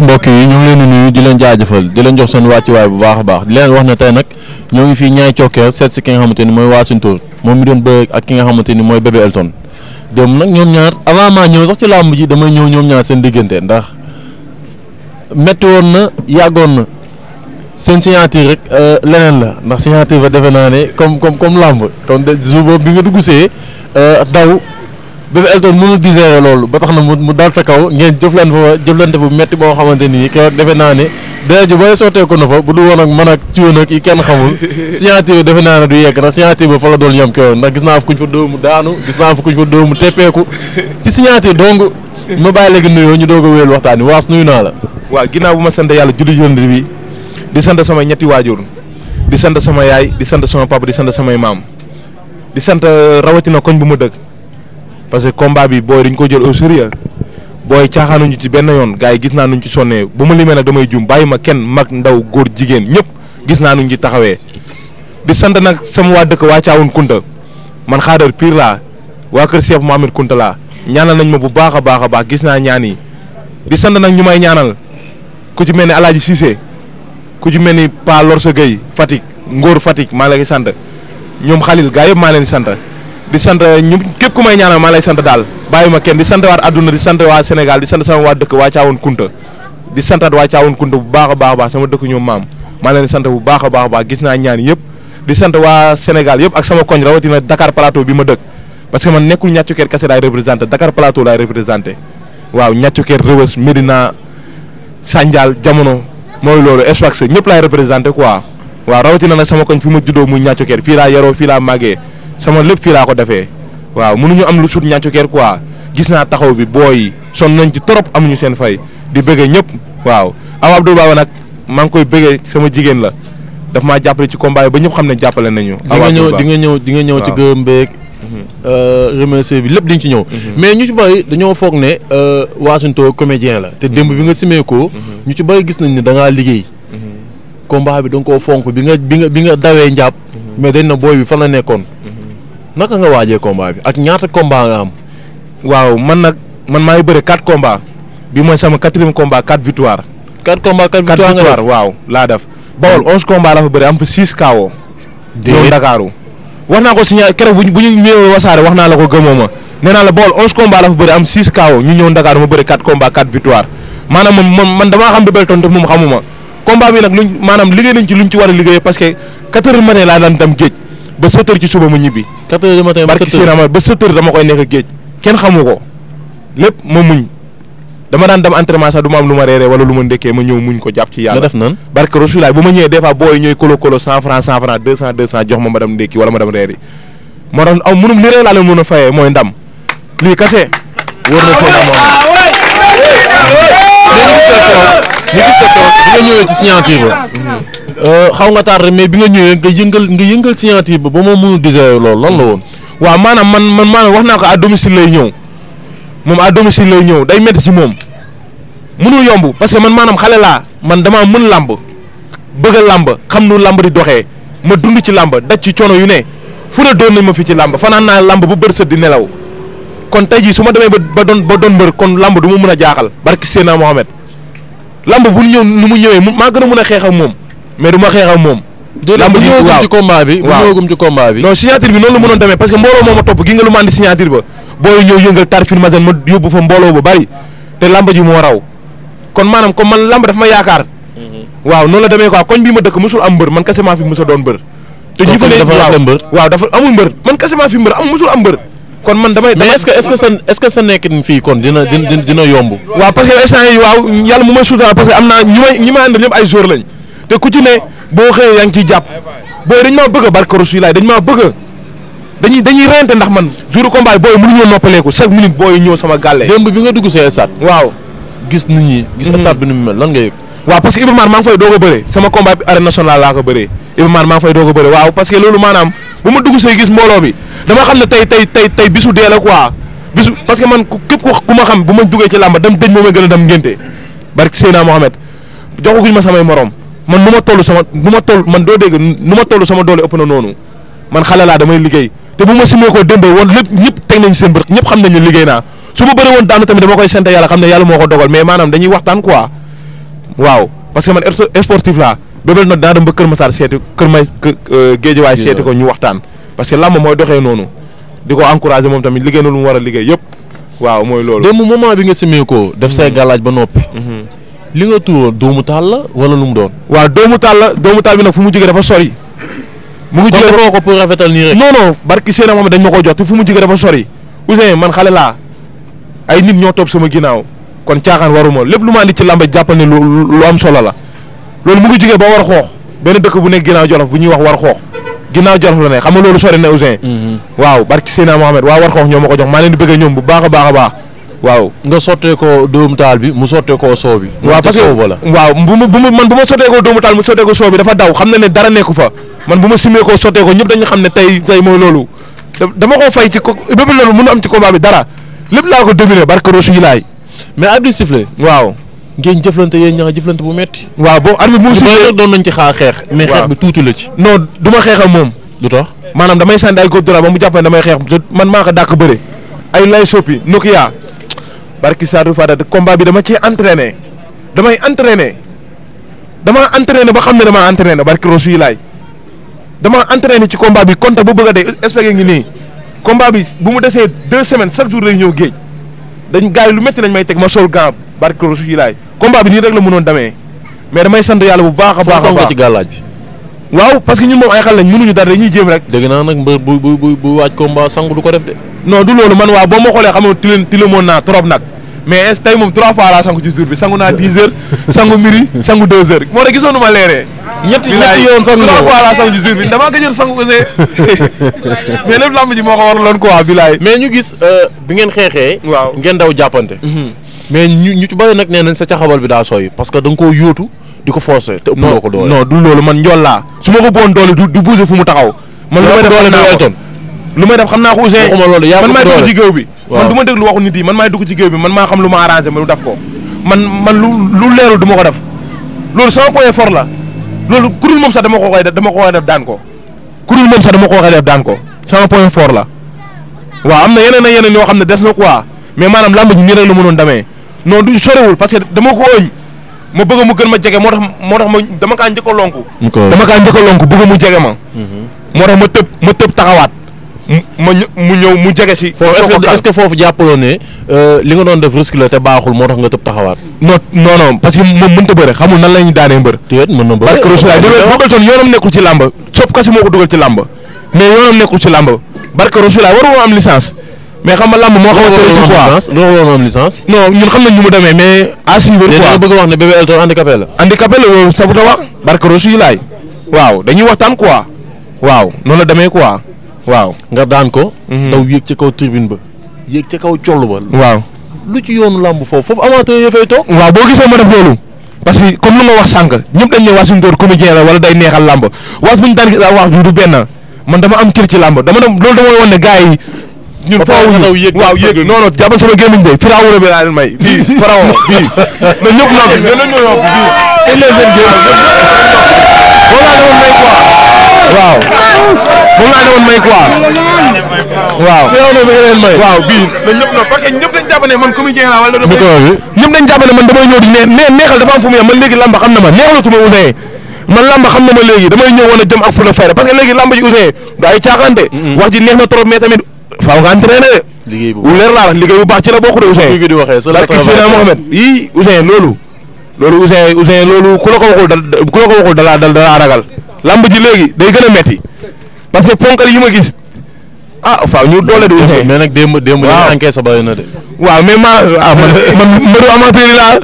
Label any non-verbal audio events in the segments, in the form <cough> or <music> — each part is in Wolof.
jërëjëf yi ñu ngi leen di nuyu di leen jaajëfal di leen jox seen wàccuwaay bu baax a baax leen wax ne tey nag ñoo ngi fii ñaay cokkeer seet si ki nga xamante ni mooy Wassintor moom mi doon bëgg ak ki nga xamante ni mooy Bébé Elton dem nag ñoom ñaar avant maa ñëw sax làmb ji damay ñëw ñoom ñaar seen diggante ndax metti woon na yàggoon na seen signature rek euh, leneen la ndax signature ba defe naa ne comme comme comme làmb comme jour boobu bi nga dugg see euh, daw. Bébé Elton mënul digérer loolu ba tax na mu daal sa kaw ngeen jëflante fa jëflante bu metti boo xamante ni keroog defe naa ne dëj booy sottee ko na fa bu dul woon ak man ak ciwoon ak yi kenn xamul <laughs> bi defe naa ne du yegg ndax scientifique ba fa la doon yem keroog ndax gis naa fa kuñ fa dóomu daanu gis naa fa kuñ fa dóomu teppeeku ci scientifique donc ma bàyyi léegi nuyoo ñu doog ko wéyal waxtaan wi waas nuyu naa la. waaw ginnaaw bu ma sant yàlla julli jondi bi di sant sama ñetti waajur di sant sama yaay di sant sama papa di sant samay maam di sant rawatina koñ bu ma dëkk parce que combat bi booy dañ ko jël au sérieux booy caaxaanuñu ci benn yoon gars yi gis naa nuñu ci sonnee bu ma limee nag damay jum bàyyi ma kenn mag ndaw góor jigéen ñëpp gis naa nuñ ci taxawee di sant nag sama waa dëkk waa Caawun Kunta man xaadar pire laa waa kër Cheikh Mohamed Kunta laa ñaanal nañ ma bu baax a baax a baax gis naa ñaan yi di sant nag ñu may ñaanal ku ci mel ni Alaaji Cissé ku ci mel ni Pa Lor sa géey Fatick ngóor Fatick maa ngi lay sant ñoom Xalil gaa yëpp maa leen sant di sant ñu képp ku may ñaanal maa lay sant daal bàyyi ma kenn di sant waat àdduna di sant waa Sénégal di sant sama waa dëkk waa Thiawane Kunta di santaat waa Thiawane Kunta bu baax baax a baax sama dëkk ñoom maam maa leen di sant bu baax a baax a baax gis naa ñaan yëpp di sant waa Sénégal yëpp ak sama koñ rawatina Dakar Plateau bi ma dëkk parce que man nekkul ñàccu keer kese laay représenté Dakar Plateau laay représenté waaw ñàccu keer Rëbës Medina Sandial jamono mooy loolu espace ñëpp laay représenté quoi waaw rawatina nag sama koñ fi ma juddoo muy ñàccu keer fii laa yaroo fii laa màggee sama lépp fii laa ko defee waaw mënuñu am lu sut ñàccu keer quoi gis naa taxaw bi booy yi son nañ ci trop amuñu seen fay di bëggee ñëpp waaw Awa Abdou Baba nag maa ngi koy bëggee sama jigéen la daf maa jàppale ci combat ba ñëpp xam ne jàppale nañu. Awa Abdou Baba di nga ñëw di nga ñëw ci gërëm beeg. Mhm. Euh, remercier bi lépp di nga ci ñëw. Mhm. mais ñu ci bëri dañoo foog ne euh, Wassintor comédien la. te mhm. démb bi nga simee ko. ñu ci bëri gis nañ ne da ngaa liggéey. combat bi da nga fonk bi nga bi nga bi nga dawee njàpp. mais dañ na booy bi fan la nekkoon. naka nga waajee combat bi ak ñaata combat nga am. waaw man nag man maa ngi bëre quatre combats bi mooy sama quatrième combat quatre victoire. quatre combats quatre victoire waaw laa def. Bawol onze combats la fa bëre am fa six KO. déedéet Ndakaaru wax naa ko ñu ñëw Ndakaaru ma bëre quatre combats quatre victoire maanaam man man damaa xam Bébé Elton moom xamuma combat bi nag luñ maanaam liggéey nañ ci luñ ci war a liggéey parce que quatre laa daan dem géej. ba 7 heures ci suba ma ñibbi. 4 heures du matin ba 7 dama koy nekk géej kenn xamu ko lépp ma muñ dama daan dem entraînement sax du ma am lu ma reeree wala lu ma ndékkee ma ñëw muñ ko jàpp ci yàlla. nga def nan barke Rasulaay bu ma ñëwee des fois booy ñooy kolo kolo 100 francs 100 francs jox ma ma dem ndékki wala ma dem reer moo tax aw li rek laa leen a fayee mooy ndam lii kase wóor na foofu ñu gis sa toog nga ñëwee ci signature ba xaw nga tardé mais bi nga ñëwee nga yëngal nga yëngal signature ba ba moom mënul désolé loolu lan la woon waaw maanaam man man maanaam wax naa ko à domicile lay ñëw moom à domicile lay ñëw day métti ci moom mënul yomb parce que man maanaam xale laa man damaa mën làmb bëgg a làmb xam nu làmb di doxee ma dund ci làmb daj ci coono yu ne fu ne doon nañ ma fi ci làmb fanaan naa làmb bu bër sët di nelaw kon tey jii su ma demee ba doon ba doon mbër kon lamb du ma mën a jaaxal barki Seydina Mohamed lamb bu ñëw nu mu ñëwee maa gën a mën a xeex ak moom mais du ma xeex ak moom. lamb ji waaw ci combat bi bu ñëwagum ci combat bi. non signature bi noonu la mënoon demee parce que mbooloo moo ma topp gi nga lu ma andi signature ba booy ñëw yëngal tarfin ma ma yóbbu fa mbooloo ba bari te lamb ji moo raw kon maanaam comme man lamb daf ma yaakaar. Mhm. waaw noonu la demee quoi koñ bii ma dëkk mosul am mbër man kese fi mbër. amul kon man damay. mais est-ce que est-ce que sa est-ce que sa nekkin fii kon dina dina dina yomb. waaw parce que instant yi waaw yàlla mu may suutaa parce que am naa ñi may ñi ma ñëpp ay jour lañ te ku ci ne boo xëyee yaa ngi ciy jàpp booy dañ maa bëgg a barke Rasulullah dañ maa bëgg dañuy dañuy ndax man jour combat yi booy mënuñoo noppaleeku chaque minute booy ñëw sama gàlle. démb bi nga dugg sa stade. waaw gis nit ñi. gis mhm. stade bi nu mu mel lan nga yëg. waaw parce que Iba maa a bëree sama combat bi arène nationale laa ko a bëree waaw gis mbooloo bi dama xam ne tey tey tey tey bisu dee la quoi bisu parce que man képp ku ma xam bu ma duggee ci làmba dem dëj moo may gën a dem ngénte barki Seydina Mohamed joxaguñ ma samay morom man nu ma toll sama nu ma toll man doo dégg nu ma toll sama doole ëpp na noonu man xale laa damay liggéey te bu ma si simee koo démb woon lépp ñëpp teg nañ seen bët ñëpp xam nañ ne liggéey naa su ma bëri woon daanu tamit dama koy sant yàlla xam ne yàlla moo ko dogal mais maanaam dañuy waxtaan quoi waaw parce que man sportif laa Bébé Elton dinaa dem ba Kër Massar seeti kër may Géejawaay seeti ko ñu waxtaan parce que làmb mooy doxee noonu di ko encouragé moom tamit liggéey na lu mu war a liggéey yëpp waaw mooy loolu. démb moment bi nga simee ko def say mhm. galaaj ba noppi. Mhm. li nga tuur doomu taal la wala lu mu doon. waaw doomu taal la doomu taal bi nag fu mu jógee dafa sori. mu ngi jógee foo ko pour rafetal nii rek. moom dañ ma ko jox te fu mu jógee dafa sori Ousseyn man xale laa ay nit ñoo toog sama ginnaaw kon caaxaan waruma lépp lu ma andi ci làmb jàppal ne lu am solo la loolu mu ngi jógee ba war xoox benn dëkk bu nekk ginnaaw Jolof bu ñuy wax war xoox ginnaaw jolof la ne xam nga loolu sori na Ouzin mhm. waaw barki Seydina Mohamed waaw war ko ñoom ma ko jox maa leen di bëggee ñoom bu baax a baax a baax waaw nga sottee ko taal bi mu sottee koo soo bi waaw parce que waaw bu ma bu ma man bu ma sottee koo dóomu taal mu sottee ko soo dafa daw xam na ne dara nekku fa man bu ma simee koo sottee ko ñëpp dañu xam ne tey tey mooy loolu dama koo fay ci ko bépp loolu mënu am ci combat bi dara lépp laa ko dominé barke rosu yi laay mais abdi siflé waaw ngeen jëflante yéen ñaar jëflante bu metti waaw boobu arbitre bi mu sifflé doon nañ ci xaar xeex. mais xeex bi tuuti la ci. non du ma xeexal moom. lu tax maanaam damay sànni ay góob dara ba mu jàpp ne damay xeex man maa ko dàq bëre. ay lay soppi Nokia. barki Sadou Fada combat bi dama cee entraîné. damay entraîné. damaa entraîné ba xam ne damaa entraîné barki Rosu yi laay. damaa entraîné ci combat bi compte bu bëgg de dee expecté ngi nii. combat bi bu mu desee deux semaines chaque jour lay ñëw géej dañ gars lu métti lañ may teg ma sol gant barki Rosu laay combat bi nii rek la mënoon demee mais damay sant yàlla bu baax a baax a baax ci gàllaaj bi waaw parce que ñun moom ay xel lañ mënuñu dara dañuy jéem rek dégg naa nag mbër bu bu bu waaj combat sangu du ko def de non du loolu man waaw boo ma xoolee xam nga tilim tilimoon naa trop nag mais est tey moom trois fois laa sangu ci jour bi sangu naa dix heures <laughs> sangu midi sangu deux heures moo tax gisoon nu ma leeree ñett yoon sangu ci jour bi damaa gëjoon sangu <laughs> ko waraloon quoi mais ñu gis euh, bi ngeen xeexee waaw ngeen daw jàppante mhm. mais ñu ñu ci bëri nag nee nañ sa caxabal bi daa sooy parce que da koo yóotu di ko forcer. te ëppuloo ko doole non loolu man njool su ma ko boon doole du du fu mu taxaw. man lu may def xam naa ko Ousseyn man maay dugg ci man ma lu ma arrangé ma lu def ko man lu leerul du ma ko def loolu sama point fort la loolu kurul moom sax dama ko koy def dama ko koy def daan ko kurul moom sax dama ko koy la waaw am na yeneen ak yeneen yoo xam ne des na quoi mais maanaam lamb ji nii rek la mënoon demee non du sorewul parce que dama ko ëñ ma bëgg mu gën ma jege moo tax moo tax ma dama kaa njëkk a lonku. dama kaa njëkk a lonku bëgg mu jege ma. Mhm. moo tax ma tëb ma tëb taxawaat. ma mu ñëw mu jege si. foofu est-ce que foofu jàppaloo euh, li nga doon def risque la te baaxul moo tax nga tëb taxawaat. non non non parce que moom mënut a bëre xamul nan la ñuy daanee mbër. déet mën na bëre parce que Rasulaay bu nekkul ci làmba. sopp kasi moo ko dugal ci làmba. mais yoonam nekkul ci làmba. barke Rasulaay waru ma am licence mais xam nga làmb moo a tëri quoi lu waroon am licence non ñun xam nañ ñu mu wax ne la handicapé la loolu safuta wax barke rosu ko mhm. daw yéeg ci kaw tribune ba ci kaw coll ba waaw lu ci yoonu làmb foofu foofu amateur boo gisee ma def loolu parce que comme lu nga wax sànq ñëpp dañ ne Wassintor comédien la wala day neexal làmb waas bu ñu daan gis wax ju du benn man dama am kër ci làmb dama dem loolu dama woon ne gars ñun faaw ñu waaw yéeg non non jàppal sama gémmiñ de firawuna bi laa leen may bii farawo bii <laughs> na ñëpp noppi bi na ñu noppi bii il les seen gémmiñ moom laa demoon may quoi waaw moom laa demoon may quoi waaw firawuna bi nga leen may waaw bii na ñëpp noppi parce que ñëpp dañ jàpp ne man comédien laa wala ñëpp dañ jàpp ne man damay ñëw di nee neexal dafa am fu mu yem man léegi lamba xam na ma neexalatuma Ouzin man lamba xam na ma léegi damay ñëw wala jëm ak fu la fayda parce que léegi lamba ji Ouzin du ay caaxaan de wax ji neex na trop mais tamit faaw nga entraîné de. liggéey bu leer laa wax liggéey bu baax ci la bokk de Ousseyn. di waxee sa la Mohamed yii Ousseyn loolu. loolu Ousseyn Ousseyn loolu ku la ko waxul da ku la ji léegi day gën a metti parce que ponkal yi ma gis ah faaw ñu doole di nag démb démb. waaw encaissé bari na de. waaw ma ah, man <laughs> man mbëru amateur laa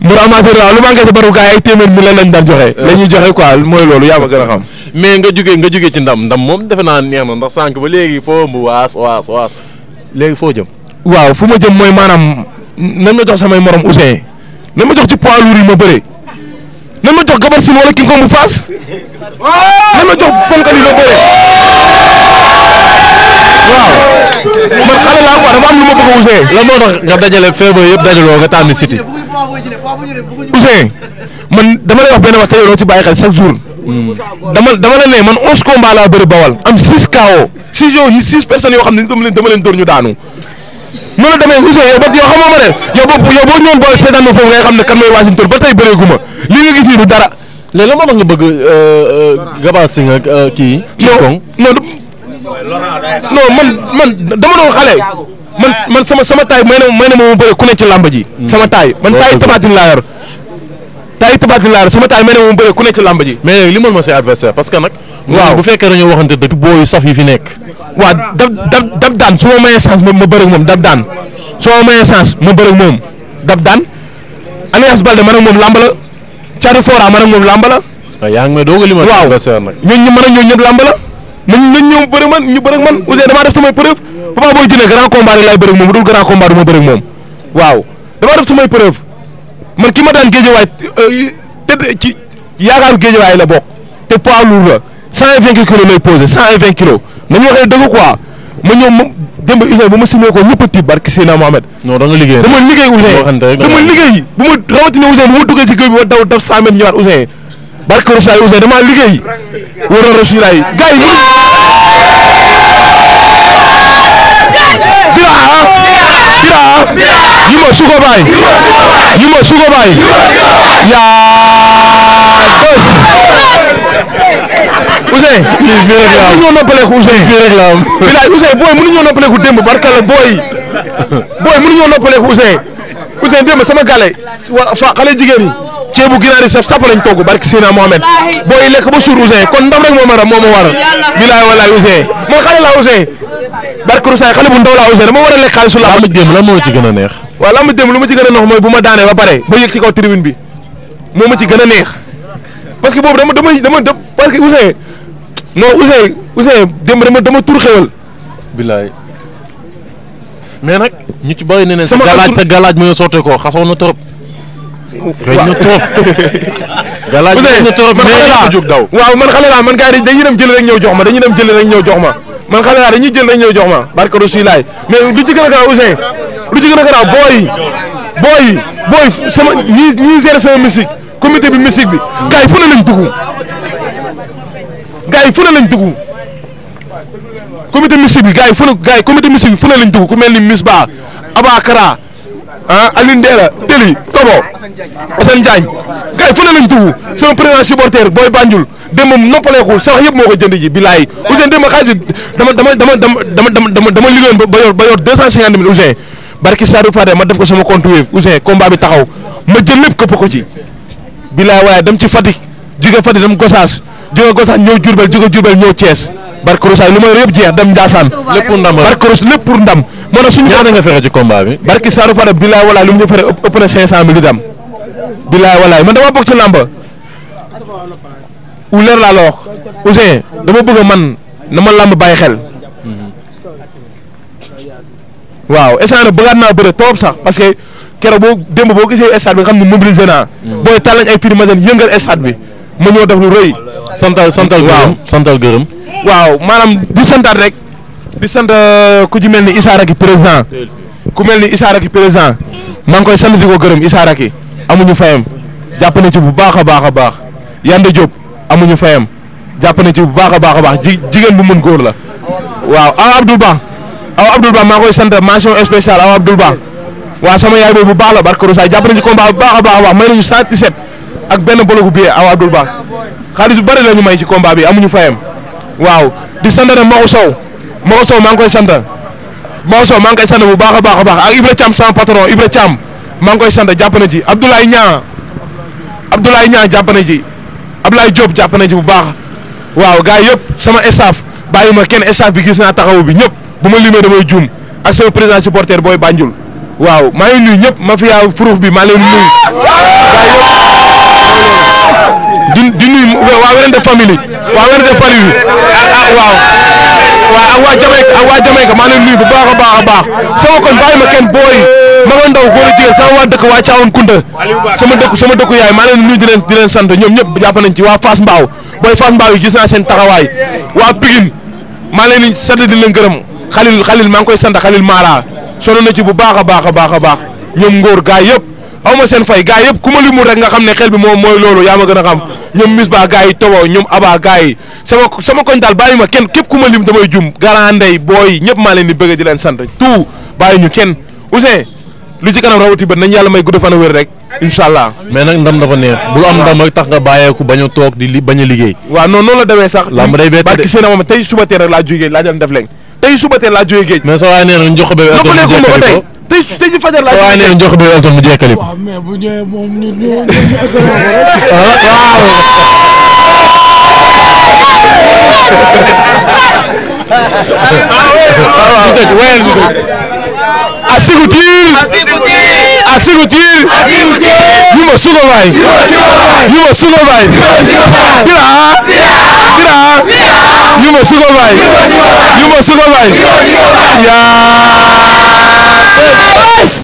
mbëru amateur laa lu ma encaissé bariwul gars yi téeméer mi lan lañ daan joxe. la ñuy joxe quoi mooy loolu yaa ma gën a xam. mais nga jugee nga jugee ci ndam ndam moom defe naa neex na ndax sànq ba léegi foo mbu waas waas waas léegi foo jëm. waaw fu ma jëm mooy maanaam nan ma jox samay morom Ousseyn nan ma jox ci poids lourd yi ma bëree nan ma jox gabar sin wala ki nga ko mu faas oh! nan ma jox ponkali la bëree. loolu laa ko dama am a Ousseyn. lan moo tax nga dajale feebar yëpp dajaloo nga tànn Siteu. Ousseyn man dama lay wax benn wax te yow bàyyi xel chaque jour. dama la ne man onze combats laa bëri bawal am six KO six yooyu six personnes yoo xam ne dama leen dama leen dóor ñu daanu. noonu la demee Ousseyn ba yow xamoo ma ne yow boo yow boo ñëwoon booy seetaan ma foofu ngay xam ne kan mooy Washington ba tey bëreegu ma lii nga gis nii du dara. léegi moo tax nga bëgg euh, euh, Gabassi nga euh, kii. kii Kong non non man man dama doon xale man man sama sama taay may na may na ma bëre ku ne ci làmb ji. Mm. sama taay man taay tabaatin laa yor taay tabaatin laa yor sama taay may na ma bëre ku ne ci ji. mais li ma say adversaire parce que nag. waaw bu fekkee dañoo waxante dëgg booyu saf yi fi nekk. waaw dab dab dab daan su ma mayee chance ma bëre moom dab daan su ma mayee chance ma bëre ak moom dab daan Alliance Baldé man ak moom làmb la Thiatou Fora ma ak moom làmb la. Ah, waaw a nag waaw ñooñu la. nañ nañ ñëw bëri man ñu bëri man Ouzin damaa def samay preuve Papa Boy Djiné grand combat rek laay bëri moom ma dul grand combat du ma bëri moom waaw damaa def samay preuve man ki ma daan géejewaay te ci yaakaaru géejewaay la bokk te poids lourd la cent vingt kilos lay posé cent vingt kilos nañu waxee dëgg quoi ma ma démb Ouzin bu ma ko ñëpp a tiit barki Seydina Mohamed. non da nga liggéey dama liggéey Ouzin dama liggéey ma rawatina Ouzin bu ma duggee ci géej bi daw daf cent barke Rasulullah Ouzin damaa liggéey war a Rasulullah yi gars yi biraa biraa yi ma suko baay yi ma suko yaa bës Ouzin mënuñoo noppaleku sama gale fa xale jigéen ceebu ginaari saf sàpp lañ togg barki Sina Mohamed booy lekk ba suur Ousseyn kon ndam rek moo ma ram moo ma waral bilaay walaay Ousseyn man xale laa Ousseyn barki Ousseyn xale bu ndaw laa Ousseyn dama war a lekk su la lamb démb lan moo ci gën a neex waaw lu ma ci gën a neex mooy ma daanee ba pare ba yëg ci ma ci gën a neex parce que boobu dama dama dama parce que Ousseyn non Ousseyn Ousseyn démb dama dama tur xewal bilaay mais nag ñu ci bëri ne ne sa galaaj sa galaaj mu nga sotte koo xasoon na trop feeñ na trop. <laughs> galaaj feeñ na trop mais waaw man xale laa man gars yi dañuy dem jël rek ñëw jox ma dañuy dem jël rek ñëw jox ma man xale laa dañuy jël rek ñëw jox ma barke Rasulaay mais lu ci gën a garaaw Ouzin lu ci gën a garaaw booy booy booy sama ñi ñi gérer sama musique comité bi musique bi gars yi fu ne lañ dugg gars yi fu ne lañ dugg comité musique bi gars yi fu ne gars yi comité musique bi fu lañ dugg ku mel ni Miss Ba Abakara ah Alioune Ndéla Téli Tobo Assane Diagne gars yi fu ne lañ tugu sama président supporter booy Banjul démb noppaleekul sax yëpp moo ko jënd ji bilaay Ousseyn ma xaalis bi dama dama dama dama dama dama liggéeyoon ba yor ba yor deux cent cinquante mille Ousseyn barki ma def ko sama compte Wave Ousseyn combat bi taxaw ma jël lépp këpp ko ci bilaay waaye dem ci Fatick jóge Fatick dem Gossas jóge Gossas ñëw Diourbel jóge Diourbel ñëw Thiès barki Roussa lu ma yor yëpp jeex dem Ndiassane lépp pour ndam lépp pour ndam moo tax suñu. ñaata nga fexe ci combat bi. barki Saaru Fada bilaay walaay lu mu ñu fexe ëpp na 500000 di dem bilaay walaay man dama bokk ci làmba u leer laa la wax dama bëgg man na ma làmb bàyyi xel. waaw instant nag bëggaat naa bëre trop sax parce que keroog boo démb boo gisee stade bi xam ne mobilisé naa. Mm. booy tàllañ ay piri masin yëngal stade bi ma ñëw def lu rëy. santal santal gërëm santal gërëm. waaw maanaam di santaat rek. di sant euh, ku ci mel ni Issa Racky président ku mel ni Issa Racky président maa ngi koy sant di ko gërëm Issa Racky amuñu fayam jàpp na ci bu baax a baax a baax Yande Diop amuñu fayam jàpp na ci bu baax a baax a baax ji jigéen bu mën góor la waaw aw Abdoul baax aw Abdoul Ba maa koy sant mention spéciale aw Abdoul Ba waa sama yaay boobu bu baax la barke Roussaay jàpp na ci combat bu baax a baax a baax may nañu 117 ak benn bologu billet aw Abdoul Ba xaalis bu bëri may ji combat bi amuñu fayam waaw di sant na Maodo Sow maa ngi koy santa Maodo Sow maa ngi koy sant bu baax a baax a baax ak Ibra Thiam sama patron Ibra Thiam maa ngi koy jàppana jàpp na ji Abdoulaye Niang Abdoulaye Niang jàppana na ji Abdoulaye Diop jàpp na ji bu baax waaw gars yëpp sama staff bàyyi ma kenn staff bi gis naa taxawu bi ñëpp bu ma limee damay juum ak sama président supporter booy Banjul waaw maa ngi nuyu ñëpp ma fi yaa bi maa leen nuyu di di nuyu waa Werante famille waa Werante famille ah, ah, waaw. waaye ak waa Jamaïque ak waa Jamaïque maa leen nuyu bu baax a baax a baax sama kon bàyyi ma kenn booy ma nga ndaw góor a jigéen sama waa dëkk waa Thiawane Kounda sama dëkk sama dëkku yaay maa leen nuyu di leen di leen sant ñoom ñëpp jàpp nañ ci waa Fass Mbaaw booy Fass Mbaaw yi gis naa seen taxawaay waa Pikine maa leen di sant di leen gërëm xalil xalil maa ngi koy sant xalil Mara sonn na ci bu baax a baax a baax a baax ñoom ngóor gaay yëpp aw ma seen fay gars yëpp ku ma limul rek nga xam ne xel bi moom mooy loolu yaa ma gën a xam ñoom Misbah gars yi Togo ñoom Aba gars yi sama sama koñ daal bàyyi ma kenn képp ku ma lim damay jum garaan ndey booy ñëpp maa leen di bëgg di leen sant tout bàyyi ñu kenn Ouzin lu ci kanam rawati ba nañ yàlla may gudd fan a wér rek incha allah. mais nag ndam dafa neex. bul am ndam rek tax nga bàyyeeku bañ a toog di a liggéey. waa non noonu la demee sax. làmb day bett de barki seen ma tey suba teel laa jógee laa def leen tey suba teel laa jógee géej. mais sa waay nee na njox bébé Elton mu jekkali ko tey tey si fajar laa jógee sa waay nee na njox bébé Elton mu jekkali ko. waaw mais bu ñëwee moom ñu ñu ñu waaw. ah oui. ah, ah Asiru Diir yuma suga waay yuma suga waay biraa biraa yuma suga waay yuma suga waay yaa